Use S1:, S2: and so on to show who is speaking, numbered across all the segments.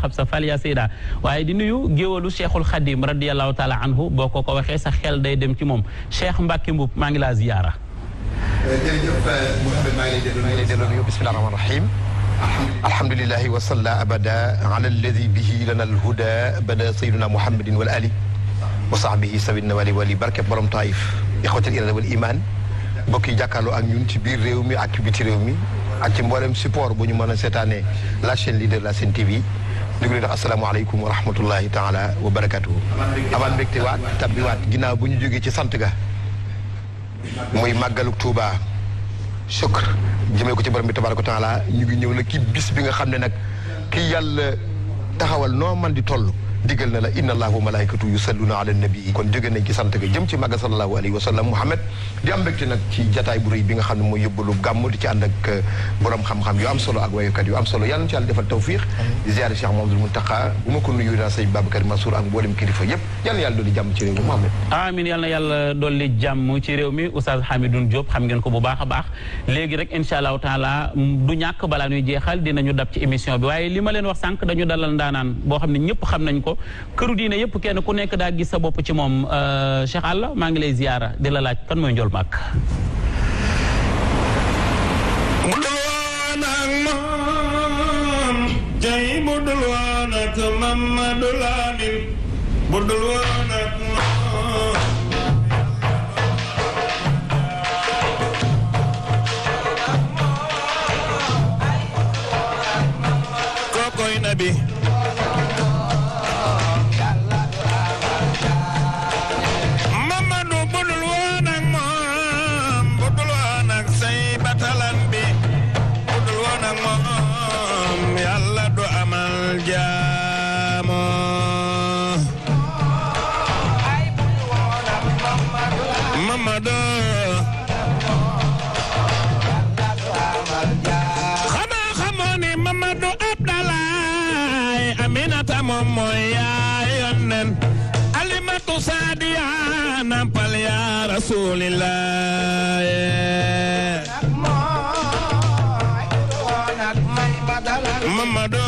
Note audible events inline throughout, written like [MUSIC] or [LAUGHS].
S1: xam sa fal yaa sayda waaye di nuyu géwalu cheikhul xadim radiallahu taala anhu boo ko ko waxee sa xel day dem ci moom cheikh Mbacke Mboup maa ngi laa ziyaara
S2: jërëjëf Mouhamed maa ngi lay delloo nuyu bismillahi rahmaani rahim alhamdulilahi wa salla abada ala alladi bihi lana alhuda bada sayyidina muhammadin wal ali wa sahbihi sabidna wali wali barke borom taif ixwatil irada wal iman mbokk yi jàkkaarloo ak ñun ci biir réew mi ak ci biti réew mi ak ci mboolem support bu ñu mën a seetaanee la chaîne leader la Sen TV ñu ngi leen di wax asalaamaaleykum wa rahmatullahi taala wa barakatuhu amaan mbégte waat tabbiwaat ginnaaw bu ñu jógee ci sant ga muy màggalu Touba sukkur jëmee ko ci borom bi tabaraka taala ñu ngi ñëw nag ki bis bi nga xam ne nag ki yàlla taxawal noo man di toll digal na la inna allaha wa malaikatu yusalluna ala nabi kon jóge nañ ci sant ga jëm ci màgga sallallahu wa sallam muhammad di am mbégte nag ci jataay bu bi nga xam ne euh, xam-xam am solo ak wayukat yu am solo yàlla na ci defal tawfiq di ziare cheikh mahamadul muntaqa bu ma ko nuyu naa
S1: amin yàlla na yàlla dolli jàmm ci réew mi oustaz hamidoun diop xam ngeen ko bu baax a baax léegi rek incha allahu taala du ñàkk balaa ñuy jeexal dinañu dab ci émission bi waaye li leen wax sànq ko këru diine yëpp kenn ku nekk daa gis sa bopp ci moom euh, Cheikh maa ngi lay ziyaara di la laaj kan mooy njool màkk
S3: mu dul waan ak moom tey dul waan ak Mamadou Lamine mu dul waan ak moom mooy yaayoon nen alimatu saadiya nampal yaa rasulillah Mamadou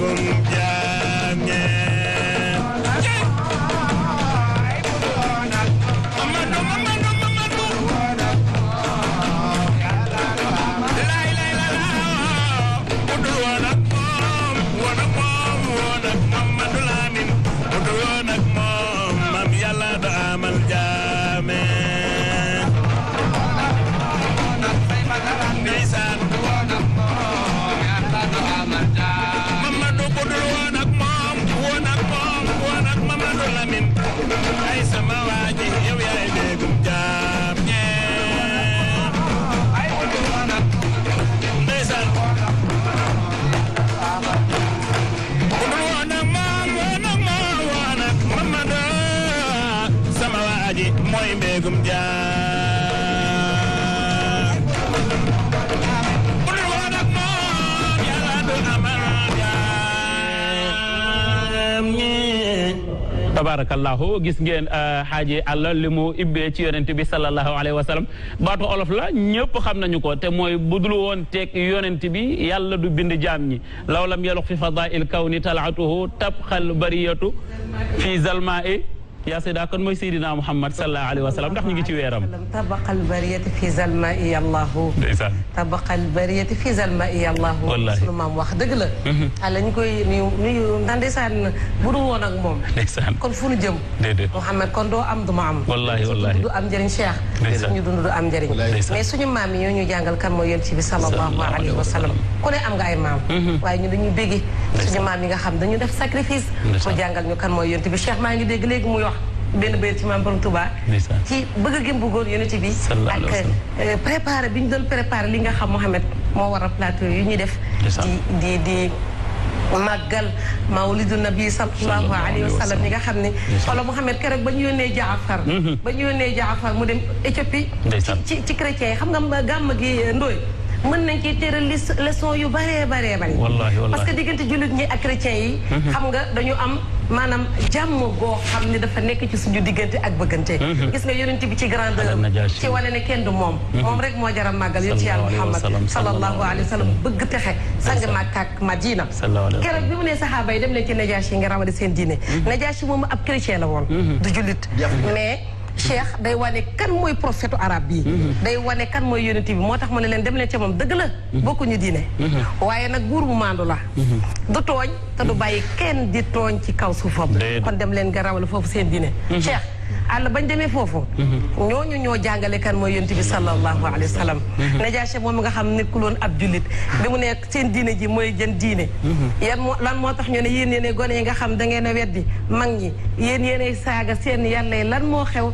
S3: gun jaay maaleykum jaar budul wala nag moom yàlla du amal
S1: jaam tabaarakallaahu gis ngeen xaaji uh, àlla li mu ibbee ci yonent bi sallallahu alayhi wa sallam baatu olof la ñëpp xam nañu ko te mooy budul woon teeg yonent bi yàlla du bind jaam ñi law lam yalox fi fadail kawni talaatuhu tabxal bariyatu fi zalmaa yaa sayda kon mooy Seydina Muhammad sallallahu alayhi wa sallam ndax ñu ngi ci weeram
S4: tabaqal bariyati fi zalma i allahu ndeysaan tabaqal bariyati fi zalma i allahu wallaahi sunu maam wax dëgg la mhm. ala ah, ñu koy nuyu nuyu ndax ndeysaan bu dul woon ak moom ndeysaan kon fu nu jëm déedéet Muhammad kon doo am du ma am wallaahi wallaahi du am njëriñ Cheikh suñu dund du am njëriñ mais suñu maam yi ñoo ñu jàngal kan mooy yonent bi sallallahu alayhi wa sallam ku ne am nga ay maam mhm. waaye ñu dañuy bégge suñu maam yi nga xam dañu def sacrifice pour jàngal ñu kan mooy yonent bi Cheikh maa ngi dégg léegi muy wax benn béyat ci maam borom Touba. ci bëgg gëm bu góor yonent bi. ak euh, préparé bi ñu doon préparé li nga xam Mouhamed moo wara a plateau yu ñuy def. di di di. màggal mawlidu nabi sallallahu alayhi wa sallam ñi nga xam ne xolo Mouhamed keroog ba ñu yónnee Jaafar mm-hmm. ba ñu yónnee Jaafar mu dem Éthiopie ci ci chrétien yi xam nga gàmm gi ndóoy mën nañ ci téeral li leçon yu baree baree bari wallaahi wallaahi parce que diggante jullit ñi ak chrétien yi mhm. xam nga dañu am maanaam jàmm goo xam ne dafa nekk ci suñu diggante ak bëggante mhm. gis nga yonent bi ci grandeur ci wane ne kenn du moom mhm. moom rek moo jaram màggal yonent yàlla Muhammad sallallahu alayhi wa sallam bëgg texe sang Makka ak Madina keroog bi mu ne saxaaba yi dem leen ci Najaasi yi nga rawale seen diine Najaasi moom ab chrétien la woon du jullit mais cheikh day wane kan mooy prophète arabe yi mhm. day wane kan mooy yonent bi moo tax mu ne leen dem leen ca moom dëgg la mhm. bokkuñu diine mhm. waaye nag buur bu maandu la du tooñ te du bàyyi kenn di tooñ ci kaw suufam kon dem leen nga rawale foofu seen diine cheikh àll bañ demee foofu ñu ñoo jàngale kan mooy yonent bi sallallahu alayhi wa sallam najaashe moom nga xam nekkuloon ab jullit bi mu nekk seen diine ji mooy jën diine yan moo lan moo tax ñu ne yéen yéen gone yi nga xam da ngeen a weddi mag ñi yéen yéen saaga seen yàlla lan moo xew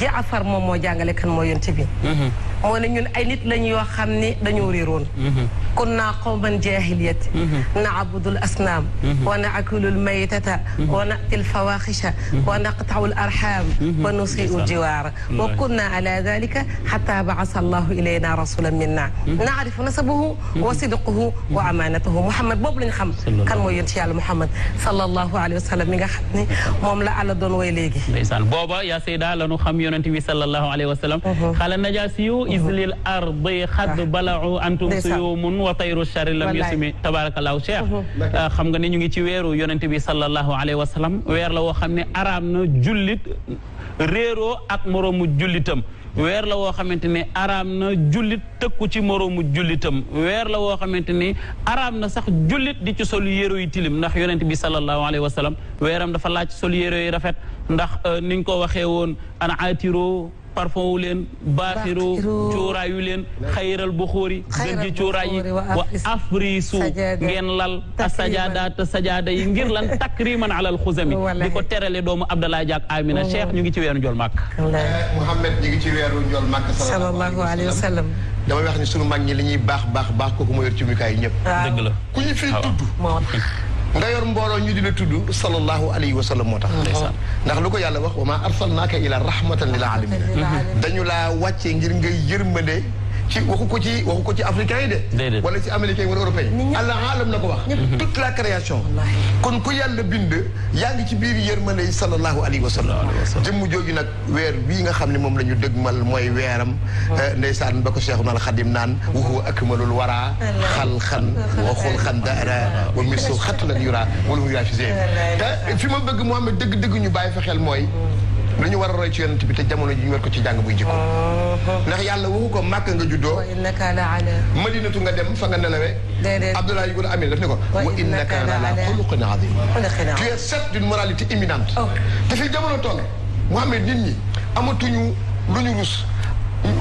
S4: jaafar moom moo jàngale kan moo yonte bi mm-hmm. wala ñun ay nit lañ yoo xam ni dañoo réeroon mm-hmm. kun naa qawman jahiliyati mm-hmm. naabudul asnaam mm-hmm. wa naakulul maytata wa natil fawaxisha wa naqtaul arham wa nusiu jiwaara wa kunna ala dalika xata baasa allahu ilayna rasulan minna naarifu nasabahu wa sidquhu wa amaanatahu Muhammad boobu lañ xam kan mooy yonent yàlla Muhammad sallallahu alayhi wa sallam mi nga xam ni moom la àlla doon way léegi
S1: ndeysaan booba yaa sayda la nu xam yonent bi sallallahu alayhi wa sallam xala najaasi yu islil ardi xadd ah. bala'u antum suyumun wa tayru shari lam yusmi tabarakallahu cheikh ah, xam nga ne ñu ngi ci weeru yonente bi sallallahu alayhi wa weer la woo xam ne araam na jullit réeroo ak moroomu jullitam weer la woo xamante ni araam na jullit tëkku ci moroomu jullitam weer la woo xamante ni araam na sax jullit di ci sol yére yu tilim ndax yonent bi sallallahu alayhi wa sallam weeram dafa laaj sol yére rafet ndax euh, ni ko waxe woon an aatiro parfum wu leen baaxiroo cuuraayu leen xayiral buxóori gën ji cuuraay yi wa afrisu ngeen lal a sajaadaat sajaada yi ngir lan [LAUGHS] takriman alal xuzami di ko terale doomu Abdallah Diak Amina Cheikh ñu ngi ci weeru njol màkk
S2: Mouhamed ñu ngi ci weeru njol màkk sallallahu alayhi wa sallam damay wax ni sunu mag ñi li ñuy baax baax baax ko kooku moo yor ci mukaay yi ñëpp dëgg la ku ñu fii tudd [LAUGHS] nga yor mbooloo ñu di la tudd sallallahu alayhi wa sallam moo tax uh-huh. ndax lu ko yàlla wax wa maa arsalnaaka ila rahmatan lil alamin dañu laa wàcce ngir ngay yërmande ci waxu ko ci waxu ko ci africain yi de. wala ci américain yi wala européen yi. allah alam la ko wax. toute la création. kon ko yàlla bind. yaa ngi ci biir yërmande yi sallallahu alayhi wa sallam. jëmm jooju nag weer bii nga xam ne moom la ñu dëgmal mooy weeram. Eh, ndeysaan ba ko Cheikhuna al Xadim naan. wa huwa akmalul wara. xalxan wa xulxan daara wa misu xatlan yura wala mu yura fi ma bëgg Mouhamed dëgg-dëgg ñu bàyyi fa xel mooy. Hmm. lu ñu war a roy ci yonent bi te jamono ji ñu war ko ci jàng buy jikko uh-huh. ndax yàlla waxu ko màkk nga juddoo madinatu nga dem fa nga nelawee Abdoulaye Goula Amine daf ne ko wa innaka la xuluqin azim tu es certes d'une moralité imminente oh. te fi jamono toll nit ñi amatuñu lu ñu rus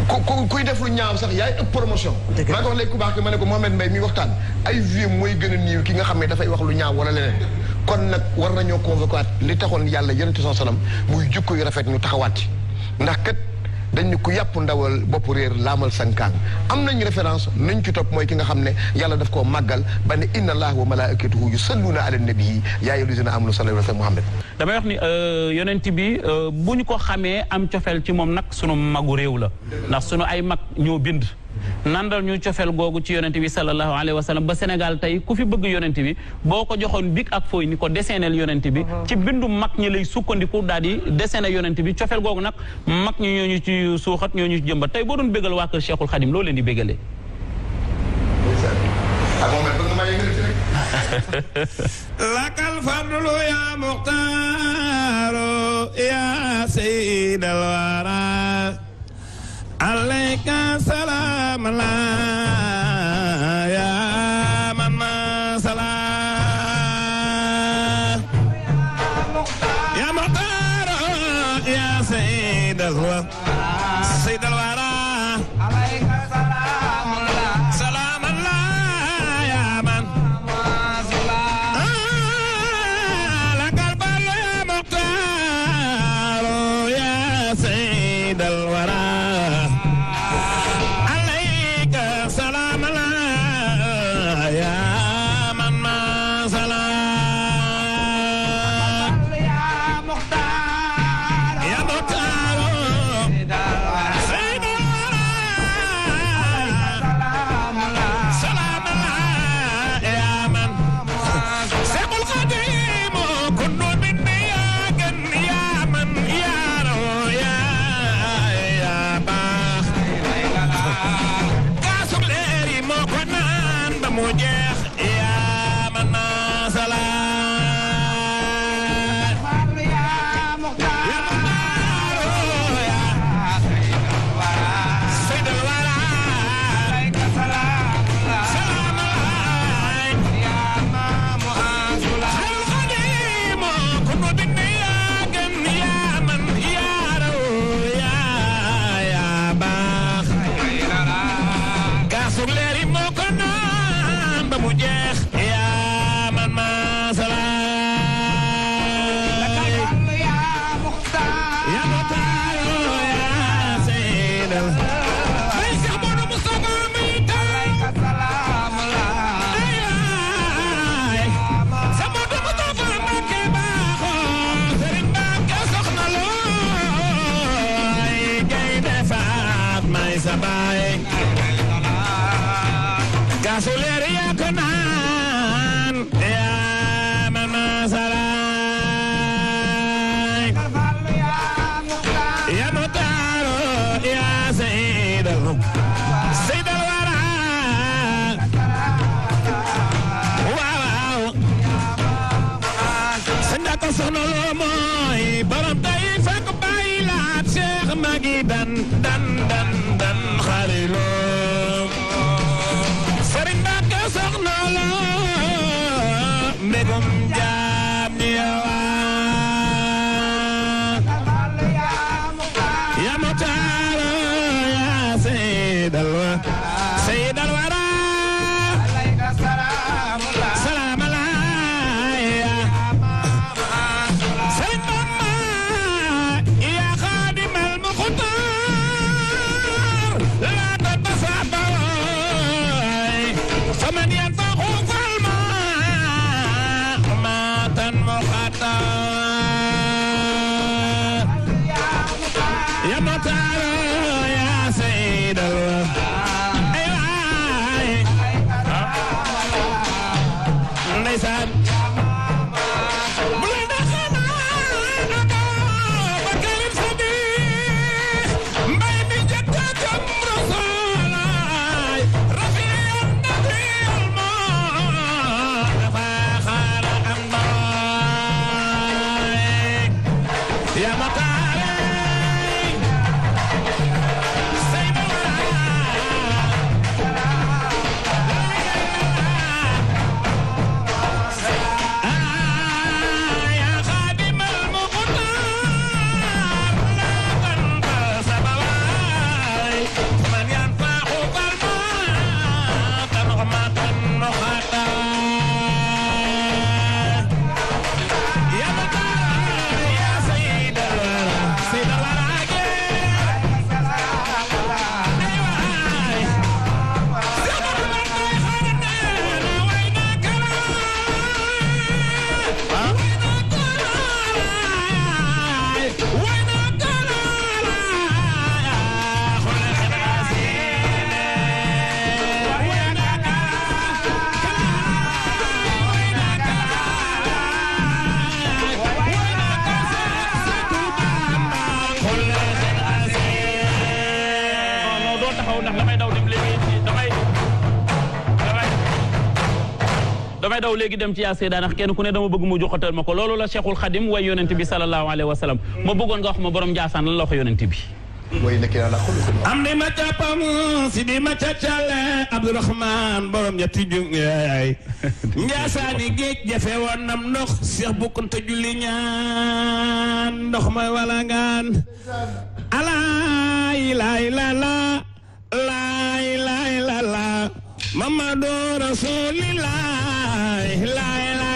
S2: ku kuy def lu ñaaw sax yaay ëpp promotion maa ngi wax léegi ku baax ki ma ne ko Mouhamed Mbaye mi waxtaan ay vie mooy gën niiw ki nga xam ne dafay wax lu ñaaw wala leen kon nag war nañoo convoquer li taxoon yàlla yonente son salam muy jukko yu rafet ñu taxawaat ci ndax kat dañu ku yàpp ndawal bopp réer laamal sankaan am nañ référence nañ ci topp mooy ki nga xam ne yàlla def koo màggal ba ne inna allah wa malaikatahu yusalluna ala nabii yaa ayyuhal lazina amanu sallu alayhi wa sallam muhammad
S1: damay wax ni euh, yonent bi euh, bu ñu ko xamee am cofeel ci moom nag sunu magu réew la ndax sunu ay mag ñoo bind nandal ñu cofeel googu ci yonent bi sallallahu alayhi wa sallam ba Sénégal tey ku fi bëgg yonent bi boo ko joxoon big ak fooy ni ko deseneel yonent bi uh-huh. ci bindu mag ñi lay sukkandiku daal di yonent bi cofeel googu nag mag ñi ñoo ñu ci suuxat ñoo ñu ci jëmbat tey boo doon bégal waa kër Cheikhul Khadim loo leen di bégalee
S3: [LAUGHS] alayka salaam la yaa man ma salaam yaa muxtaar yaa sayyid gasolina.
S1: léegi dem ci yaa Seyda ndax kenn ku ne dama bëgg mu joxatal ma ko loolu la Cheikhul Khadim way yonent bi sallallahu alayhi wa sallam ma bëggoon nga wax ma borom Njaasaan lan la wax yonent
S2: bi
S3: am di ma jàppam si di ma càccale Abdourahman borom ñetti jungaay [LAUGHS] njaasaani géej jafe woon nam ndox Cheikh bukkunte julli ñaan ndox ma wala ngaan alaay laay la la laay laay la la Mamadu Rasulillah la la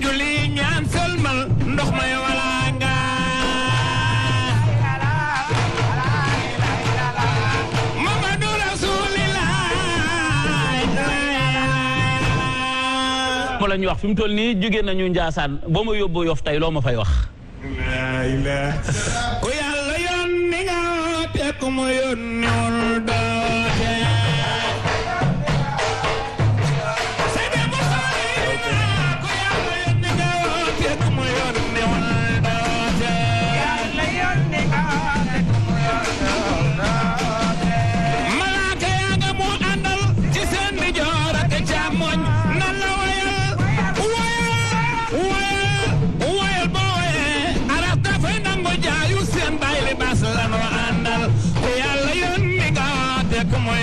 S3: Julli
S1: la ñuy wax fi mu toll nii jóge nañu Njaasaan boo ma yóbboo yof tey loo ma fay wax
S3: ku yàlla yoon ni nga te ku ma yoon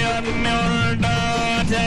S3: yoon mi wul doote.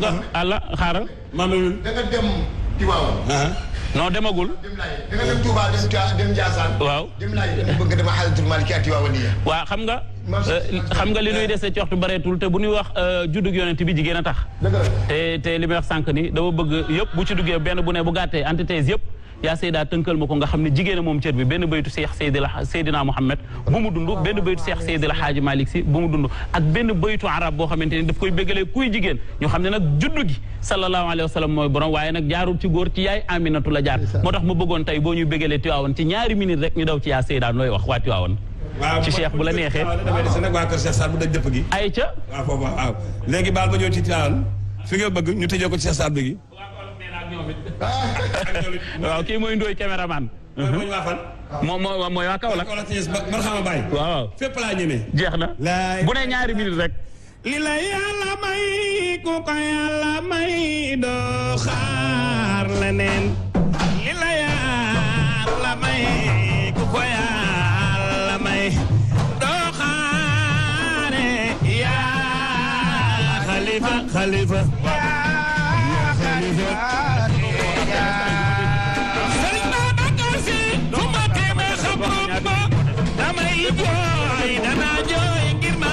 S1: xam nga àlla xaaral. maam yi da nga dem Tiwaawan. Ah. non demagul. dem Laye da nga dem dem dem Ndiassane. waaw dem Laye da
S2: nga
S1: xam nga. Euh, xam nga li nuy dese ci waxtu bareetul te bu ñuy wax euh, juddug yonent bi jigéen a tax. te te li may wax ni dama bëgg yëpp bu ci duggee benn bu ne bu gàttee entités yëpp. yaa Seyda tënkal ma ko nga xam ne jigéen moom cër bi benn baytu Seex Seydil Seydina Muhammad bu mu dund benn baytu Seex Seydil Xaaji si bu mu dund ak benn baytu arab boo xamante ni daf koy bégalee kuy jigéen ñu xam ne nag juddu gi sallallahu alayhi wa sallam mooy borom jaarul ci góor ci yaay Aminatu la jaar moo tax ma bëggoon tey boo ñu bégalee Tiwaawan ci ñaari minute rek ñu daw ci yaa Seyda looy wax waa
S5: Tiwaawan ci cheikh bu la neexee damay des nag waa kër gi ay ca waaw foofu waaw léegi baal ba ñëw ci Tiwaawan fi nga bëgg ñu tëjee ko ci Cheikh Sarr gi [LAUGHS] Ah. ñoom it. waaw kii mooy Ndoye caméraman. mooy mhm. waa fan. moom mooy waa Kaolack. man xam nga bàyyi. waaw fépp laa ñeme. jeex na bu ne ñaari minute rek.
S3: li la yàlla may ku ko yàlla may doo xaar leneen. li la yàlla may ku ko yàlla may. doo xaare yaa xalifa xalifa. yaa xalifa. jooy danaa jooy ngir ma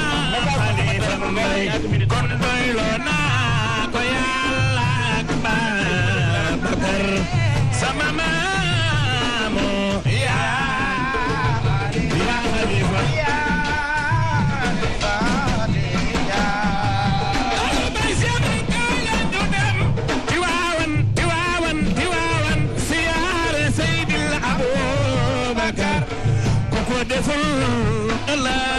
S3: xalifa mbay kon doyloo naa ko yàlla ak Babakar Allah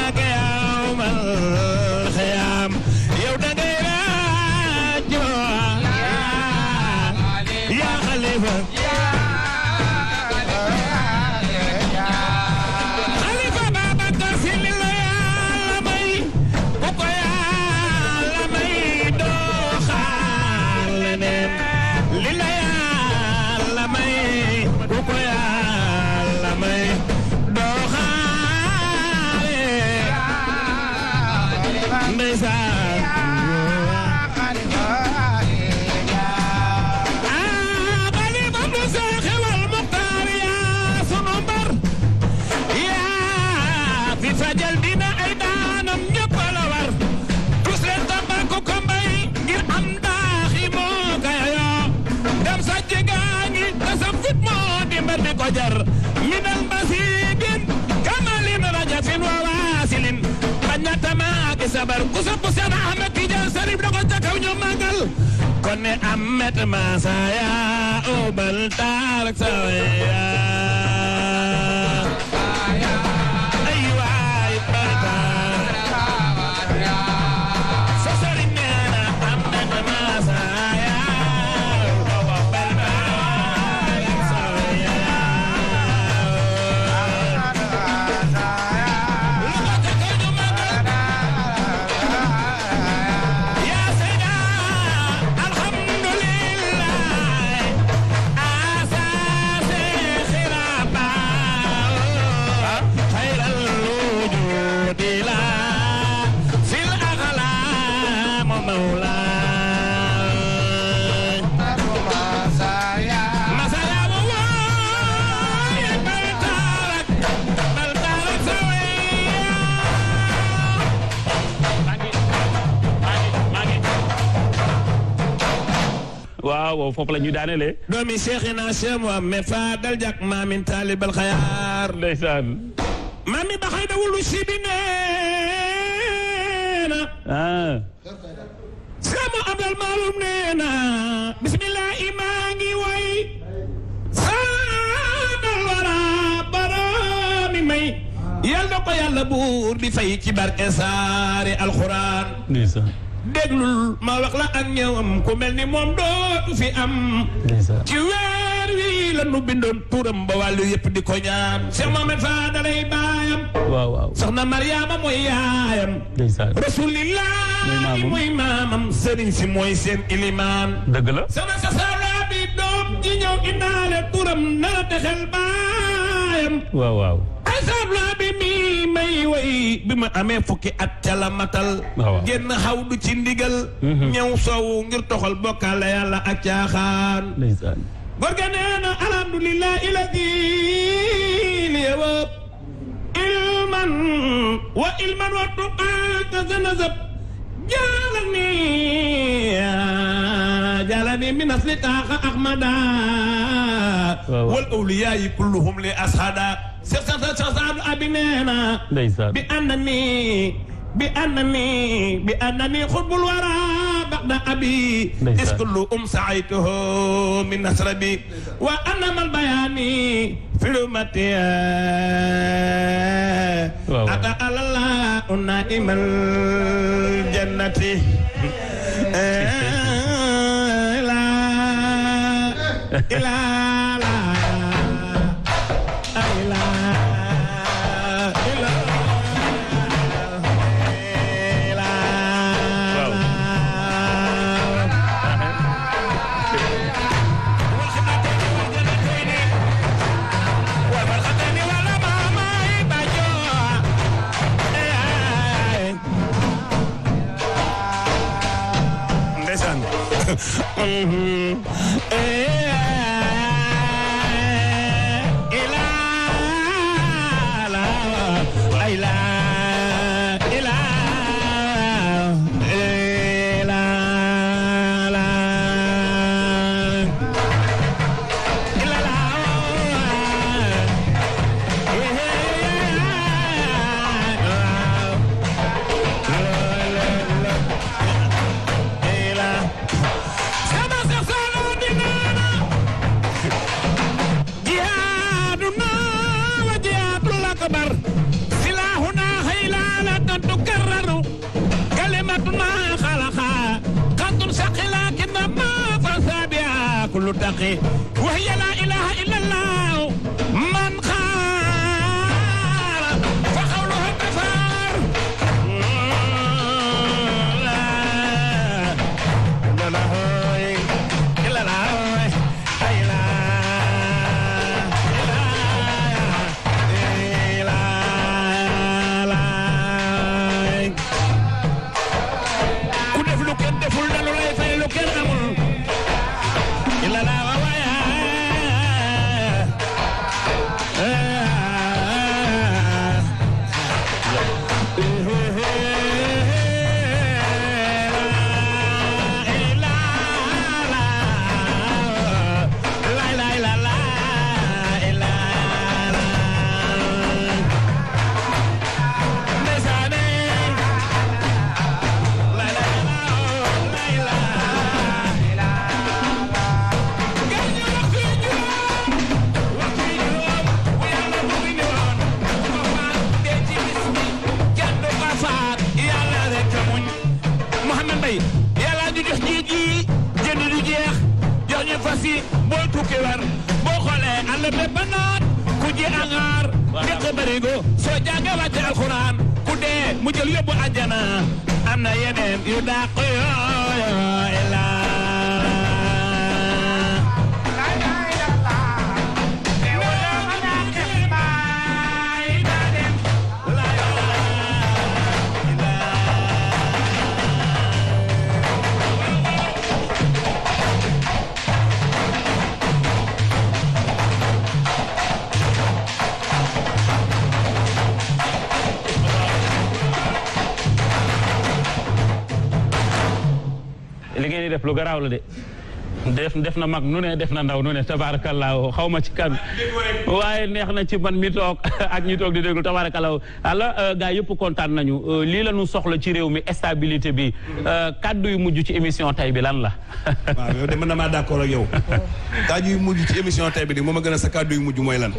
S1: yow foofu la ñu daanelee.
S3: doomi Cheikhina Cheikh Mouhamed Fadal Diak maamin taalibal xayaar. ndeysaan. maami ba xëy na wulu si bi nee na. ah. Cheikh Mouhamed Maloum na ko yàlla buur di fay ci barke saare alxuraan déglul ma wax la mel ni moom dootu am ci weer la nu bindoon turam ba wàllu yëpp di ko ñaan Cheikh Mohamed Fa mooy seen ilimaan dëgg la turam na la texel baayam way way bi ma amee fukki at ca la matal ah, génn xaw du ci ndigal mhm. ñëw soowu ngir toxal bokkaale yàlla ak caaxaan góor ga nee na alhamdulilah wa ilman wa tuqaaka zanazab jaalani jaalani min asli taaxa wal awliyaa yi li ashada Cheikh Sadou Sadou Abi nee na. ndeysaan bi ànd nii bi ànd nii bi abi. is kullu um saaytuhu min nasrabi wa annamal bayaani filumati ata alala una imal jannati [LAUGHS] eh, la ila عليه
S1: def lu garaaw la de def def na mag nu ne def na ndaw nu ne tabaarakallaahu xaw ma ci kan waaye neex na ci man mi toog [LAUGHS] ak ñi toog di déglu tabaarakallaahu ala euh, gaa yëpp kontaan nañu euh, lii la ñu soxla ci réew mi stabilité bi euh,
S5: kàddu yu mujj ci émission tay bi lan la [LAUGHS] waaw de na maa d'accord ak yow mujj ci émission tay bi moom a gën a sa kaddu yu mujj mooy lan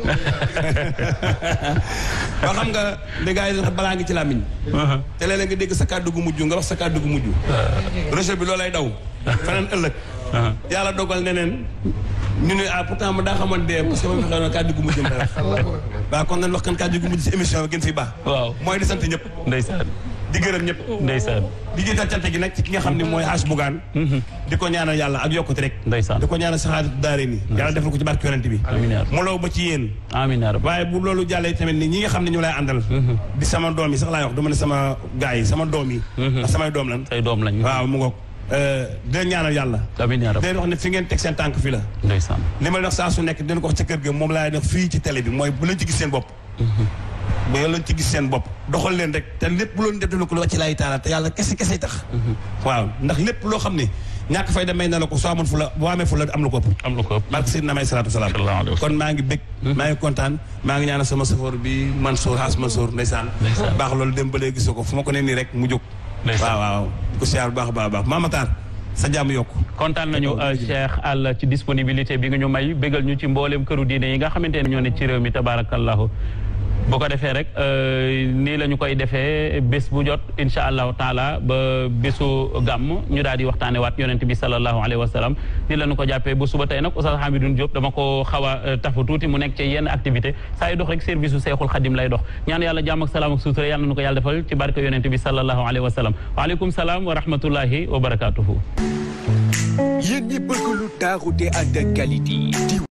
S5: ba [LAUGHS] xam nga li gaa balaa ngi ci làmmiñ uh-huh. te léeg-léeg nga dégg sa kaddu gu mujj nga wax sa kaddu gu mujj uh-huh. rejet bi loolay daw fanaan ëllëg Uh-huh. yàlla dogal neneen ñu ne ah pourtant ma daa xamante dee parce que ma fexe woon kàddu gu mujj la waaw kon nañ wax kan kàddu gu mujj si émission bi gën fi baax waaw mooy di sant ñëpp ndeysaan di gërëm ñëpp ndeysaan di jiital cant gi nag ci ki nga xam ne mooy Hache Bougane mm-hmm. di ko ñaanal yàlla ak yokkute rek ndeysaan di ko ñaanal saxaatu daare ni yàlla defal ko ci barke yonent bi mu law ba ci yéen amiin waaye bu loolu jàllee tamit ni ñi nga xam ne ñu lay àndal mm-hmm. di sama doom yi sax laay wax du sama gars yi sama doom yi mm-hmm. ndax doom lan say doom lañ waaw mu ngoog Euh, dinañ ñaanal yàlla. amiin yaa rabbi dinañ wax ne fi ngeen teg seen tànk fi la. ndeysaan li ma wax saa su nekk dinañ ko wax ca kër ga moom laa leen fii ci télé bi mooy bu leen ci gis seen bopp. Mhm. gis seen bopp doxal leen rek te lépp loolu def na ko la ci laay taala te yàlla kese kese mhm. loo xam ne ñàkk fay da may na la ko soo amoon fu la boo amee fu la am lu ko ëpp. am lu ko ëpp barke Seydina may salaatu salaam. kon maa ngi bég. Mhm. maa ngi kontaan maa ngi ñaanal sama safoor bi Mansour Haas Mansour ndeysaan. baax loolu dem ba léegi gisoo ko fu ma ko ne nii rek mu jóg. waaw. ko siyaar bu baax a baax a baax Maamataar sa jàmm yokk kontaan nañu
S1: Cheikh Alla ci disponibilité bi nga ñu may bégal ñu ci mbooleem këru diine yi nga xamante ne ñoo ne ci réew mi tabaarakallahu bu ko defee rek euh, nii la ñu koy defee bés bu jot incha allahu taala ba bésu gàmm ñu daal di waxtaane waat yonent bi salallahu alayhi wa sallam nii la ko jàppee ba suba tey nag Oustaz Hamidou Diop dama ko xaw a euh, tafu tuuti mu nekk ci yenn activité saa a dox rek service su Seexul Xadim lay dox ñaan yàlla jàmm ak salaam ak sutura yàlla nu ko yàlla defal ci barke yonent bi salallahu alayhi wa salaam wa rahmatullahi wa
S3: barakatuhu yéen ñi bëgg lu taaru ànd ak qualité